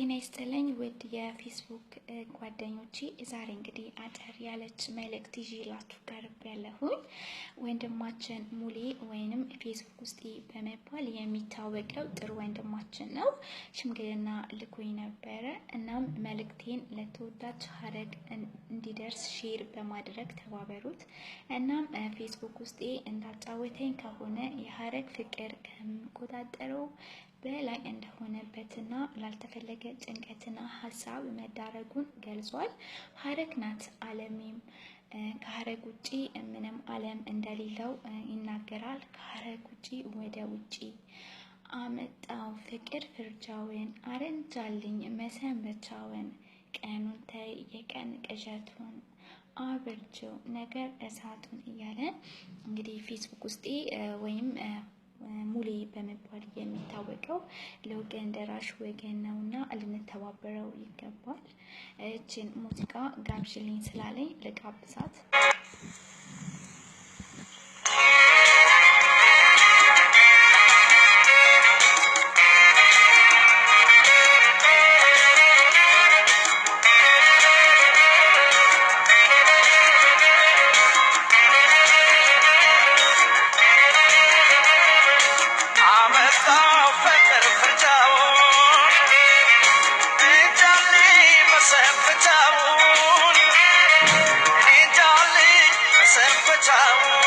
ጤና ይስጥልኝ ውድ የፌስቡክ ጓደኞቼ፣ ዛሬ እንግዲህ አጠር ያለች መልእክት ይዤላችሁ ቀርብ ያለሁኝ ወንድማችን ሙሌ ወይንም ፌስቡክ ውስጥ በመባል የሚታወቀው ጥሩ ወንድማችን ነው። ሽምግልና ልኮኝ ነበረ። እናም መልእክቴን ለተወዳጅ ሀረግ እንዲደርስ ሼር በማድረግ ተባበሩት። እናም ፌስቡክ ውስጤ እንዳጫወተኝ ከሆነ የሀረግ ፍቅር ከምቆጣጠረው በላይ እንደሆነበትና ላልተፈለገ ጭንቀትና ሀሳብ መዳረጉን ገልጿል። ሀረግ ናት ዓለሜም ከሀረግ ውጪ ምንም ዓለም እንደሌለው ይናገራል። ከሀረግ ውጪ ወደ ውጪ አመጣው ፍቅር ፍርጃውን አረንጃልኝ መሰንበቻውን ቀኑን ተይ የቀን ቅዠቱን አብርጅው ነገር እሳቱን እያለ እንግዲህ ፌስቡክ ውስጤ ወይም ሙሌ በመባል የሚታወቀው ለወገን ደራሽ ወገን ነው እና ልንተባበረው ይገባል። እችን ሙዚቃ ጋብዥልኝ ስላለኝ ልጋብዛት። time